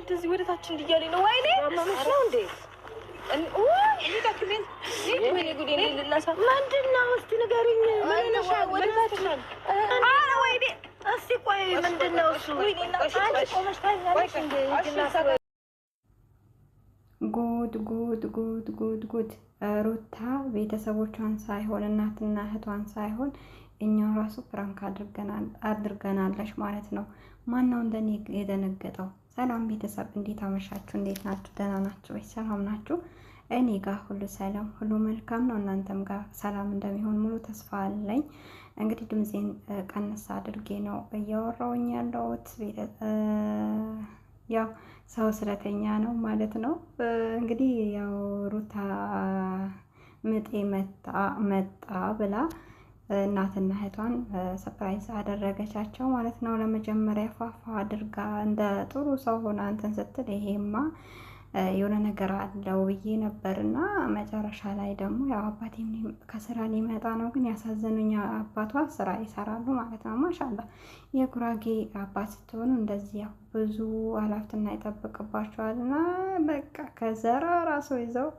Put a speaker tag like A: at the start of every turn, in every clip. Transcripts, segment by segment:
A: እንደዚህ ወደ ታች እንዲያለ ነው። ወይኔ ማመሽ ነው እንዴ? ምንድን
B: ነው እሱ?
C: ጉድ ጉድ ጉድ ጉድ ጉድ ሩታ ቤተሰቦቿን ሳይሆን እናትና እህቷን ሳይሆን እኛው ራሱ ፕራንክ አድርገናለች ማለት ነው። ማነው እንደኔ የደነገጠው? ሰላም ቤተሰብ፣ እንዴት አመሻችሁ? እንዴት ናችሁ? ደህና ናችሁ ወይ? ሰላም ናችሁ? እኔ ጋር ሁሉ ሰላም፣ ሁሉ መልካም ነው። እናንተም ጋር ሰላም እንደሚሆን ሙሉ ተስፋ አለኝ። እንግዲህ ድምፄን ቀነሳ አድርጌ ነው እያወራውኝ ያለሁት ያው ሰው ስለተኛ ነው ማለት ነው። እንግዲህ ያው ሩታ ምጤ መጣ ብላ እናትና እህቷን ሰፕራይዝ አደረገቻቸው ማለት ነው። ለመጀመሪያ ፏፏ አድርጋ እንደ ጥሩ ሰው ሆና እንትን ስትል ይሄማ የሆነ ነገር አለው ብዬ ነበር እና መጨረሻ ላይ ደግሞ ያው አባቴ ከስራ ሊመጣ ነው፣ ግን ያሳዘኑኝ አባቷ ስራ ይሰራሉ ማለት ነው። ማሻላ የጉራጌ አባት ስትሆኑ እንደዚህ ያው ብዙ ኃላፊነትና ይጠብቅባቸዋል እና በቃ ከዘራ ራሱ ይዘው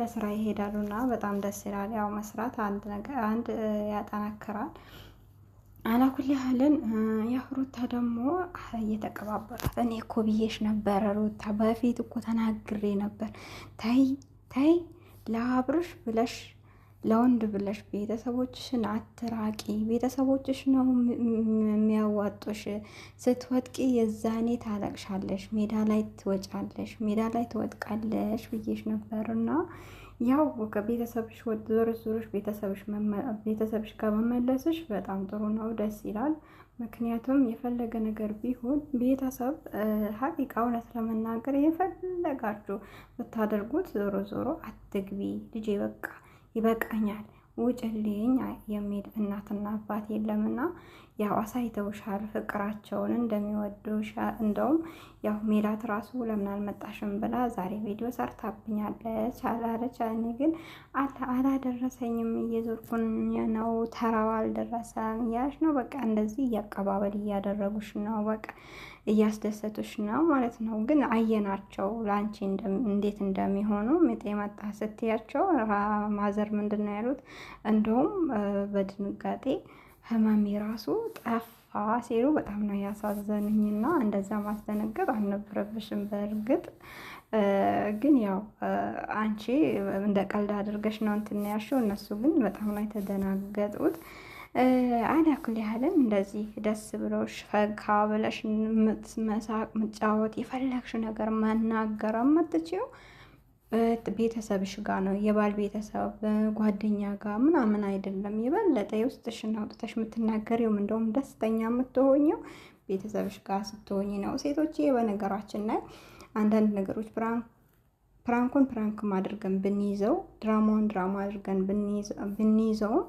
C: ለስራ ይሄዳሉ እና በጣም ደስ ይላል። ያው መስራት አንድ ነገር አንድ ያጠናክራል። ያህልን ያው ሩታ ደግሞ እየተቀባበሏት እኔ እኮ ብዬሽ ነበረ። ሩታ በፊት እኮ ተናግሬ ነበር። ታይ ታይ ለአብርሽ ብለሽ ለወንድ ብለሽ ቤተሰቦችሽን አትራቂ። ቤተሰቦችሽ ነው የሚያዋጡሽ። ስትወድቂ የዛኔ ታለቅሻለሽ፣ ሜዳ ላይ ትወጫለሽ፣ ሜዳ ላይ ትወድቃለሽ ብዬሽ ነበርና ያው ከቤተሰብሽ ዞር ዞርሽ ቤተሰብሽ ጋር መመለስሽ በጣም ጥሩ ነው፣ ደስ ይላል። ምክንያቱም የፈለገ ነገር ቢሆን ቤተሰብ ሀቂቃ እውነት ለመናገር የፈለጋችሁ ብታደርጉት ዞሮ ዞሮ አትግቢ ልጄ በቃ ይበቃኛል ውጭልኝ የሚል እናትና አባት የለምና ያው አሳይተውሻል ፍቅራቸውን እንደሚወዱሽ። እንደውም ያው ሜላት ራሱ ለምን አልመጣሽም ብላ ዛሬ ቪዲዮ ሰርታብኛለች አላለች። እኔ ግን አላደረሰኝም፣ እየዞርኩኝ ነው፣ ተራው አልደረሰም እያለች ነው። በቃ እንደዚህ እያቀባበል እያደረጉሽ ነው፣ በቃ እያስደሰቱሽ ነው ማለት ነው። ግን አየናቸው ለአንቺ እንዴት እንደሚሆኑ ምጤ መጣ ስትያቸው ማዘር ምንድን ነው ያሉት? እንደውም በድንጋጤ ህመሜ ራሱ ጠፋ ሲሉ በጣም ነው ያሳዘንኝና እንደዛ ማስደነገጥ አልነበረብሽም። በእርግጥ ግን ያው አንቺ እንደ ቀልድ አድርገሽ ነው እንትን ያልሽው፣ እነሱ ግን በጣም ነው የተደናገጡት። ኩል ያህልም እንደዚህ ደስ ብሎሽ ፈካ ብለሽ ምትመሳቅ ምትጫወት የፈለግሽ ነገር መናገር የምትችይው ቤተሰብሽ ጋር ነው የባል ቤተሰብ ጓደኛ ጋር ምናምን አይደለም። የበለጠ የውስጥሽን አውጥተሽ የምትናገሪው እንደውም ደስተኛ የምትሆኘው ቤተሰብሽ ጋር ስትሆኝ ነው። ሴቶች በነገራችን ላይ አንዳንድ ነገሮች ብራን ፕራንኩን ፕራንክም አድርገን ብንይዘው ድራማውን ድራማ አድርገን ብንይዘውም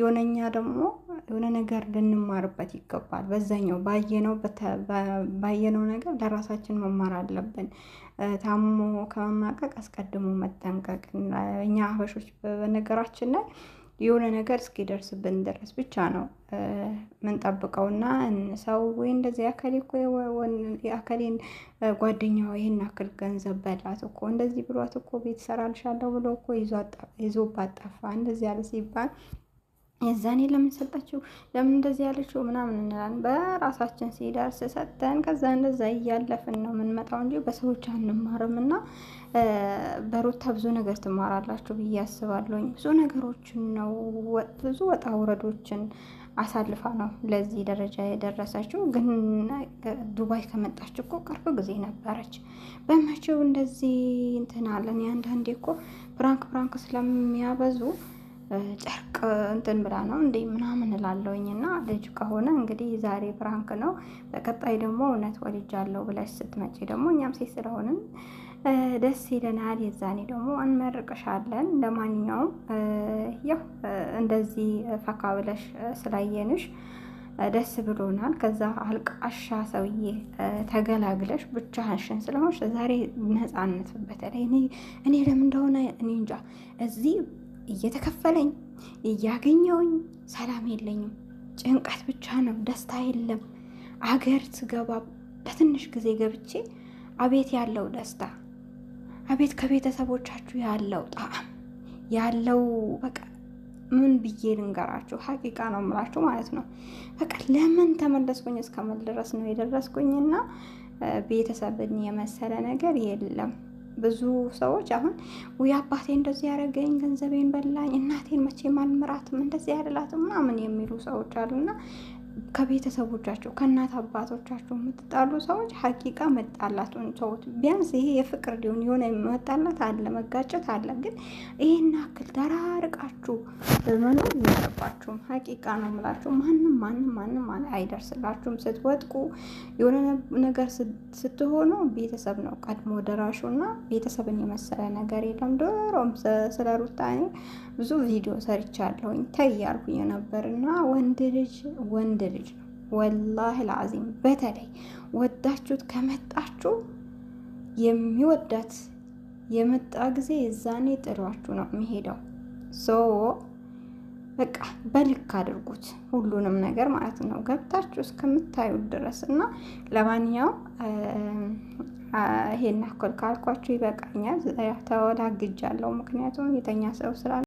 C: የሆነኛ ደግሞ የሆነ ነገር ልንማርበት ይገባል። በዛኛው ባየነው ባየነው ነገር ለራሳችን መማር አለብን። ታሞ ከመማቀቅ አስቀድሞ መጠንቀቅ እኛ ሀበሾች በነገራችን ላይ የሆነ ነገር እስኪደርስብን ድረስ ብቻ ነው ምንጠብቀውና ሰው ወይ እንደዚህ አከሌ እኮ የአከሌን ጓደኛዋ ይህን አክል ገንዘብ በላት እኮ እንደዚህ ብሏት እኮ ቤት ሰራልሻለሁ ብሎ እኮ ይዞባት ጠፋ እንደዚህ ያለ ሲባል የዛኔ ለምን ሰጠችው ለምን እንደዚህ ያለችው ምናምን እንላለን። በራሳችን ሲደርስ ሰጠን ከዛ እንደዛ እያለፍን ነው የምንመጣው እንጂ በሰዎች አንማርም። እና በሩታ ብዙ ነገር ትማራላችሁ ብዬ አስባለሁኝ። ብዙ ነገሮችን ነው ብዙ ወጣ ውረዶችን አሳልፋ ነው ለዚህ ደረጃ የደረሰችው። ግን ዱባይ ከመጣች እኮ ቅርብ ጊዜ ነበረች። በመቼው እንደዚህ እንትን ያንዳንዴ እኮ ፕራንክ ፕራንክ ስለሚያበዙ ጨርቅ እንትን ብላ ነው እንዴ ምናምን እላለሁኝ። እና ልጅ ከሆነ እንግዲህ ዛሬ ፍራንክ ነው፣ በቀጣይ ደግሞ እውነት ወልጃለሁ ብለሽ ስትመጪ ደግሞ እኛም ሴት ስለሆንም ደስ ይለናል። የዛኔ ደግሞ እንመርቅሻለን። ለማንኛውም ያው እንደዚህ ፈካ ብለሽ ስላየንሽ ደስ ብሎናል። ከዛ አልቃሻ ሰውዬ ተገላግለሽ ብቻሽን ስለሆንሽ ዛሬ ነፃነት፣ በተለይ እኔ ለምን እንደሆነ እኔ እንጃ እዚህ እየተከፈለኝ እያገኘውኝ ሰላም የለኝም። ጭንቀት ብቻ ነው፣ ደስታ የለም። አገር ስገባ በትንሽ ጊዜ ገብቼ አቤት ያለው ደስታ፣ አቤት ከቤተሰቦቻችሁ ያለው ጣዕም ያለው በቃ ምን ብዬ ልንገራችሁ? ሀቂቃ ነው ምላችሁ ማለት ነው። በቃ ለምን ተመለስኩኝ እስከመድረስ ነው የደረስኩኝና ቤተሰብን የመሰለ ነገር የለም። ብዙ ሰዎች አሁን ውይ አባቴ እንደዚህ ያደረገኝ፣ ገንዘቤን በላኝ፣ እናቴን መቼ ማልምራትም እንደዚህ ያደላትም ምናምን የሚሉ ሰዎች አሉና ከቤተሰቦቻቸው ከእናት አባቶቻቸው የምትጣሉ ሰዎች ሀቂቃ መጣላቱን ሰዎች ቢያንስ ይሄ የፍቅር ሊሆን የሆነ መጣላት አለ፣ መጋጨት አለ። ግን ይህን አክል ተራርቃችሁ መኖር ይኖረባችሁም። ሀቂቃ ነው የምላችሁ። ማንም ማንም ማንም አይደርስላችሁም። ስትወጥቁ የሆነ ነገር ስትሆኑ ቤተሰብ ነው ቀድሞ ደራሹ እና ቤተሰብን የመሰለ ነገር የለም። ዶሮም ስለ ሩታኔ ብዙ ቪዲዮ ሰርቻለሁኝ ተይ ያልኩኝ ነበር እና ወንድ ልጅ ወንድ ወንድ ልጅ ነው። ወላህ ልዓዚም በተለይ ወዳችሁት ከመጣችሁ የሚወዳት የመጣ ጊዜ የዛኔ ጥሏችሁ ነው የሚሄደው። ሶ በቃ በልክ አድርጉት ሁሉንም ነገር ማለት ነው ገብታችሁ እስከምታዩት ድረስ እና ለማንኛውም ይሄን ያክል ካልኳችሁ ይበቃኛል። ተወላግጃለሁ፣ ምክንያቱም የተኛ ሰው ስላለ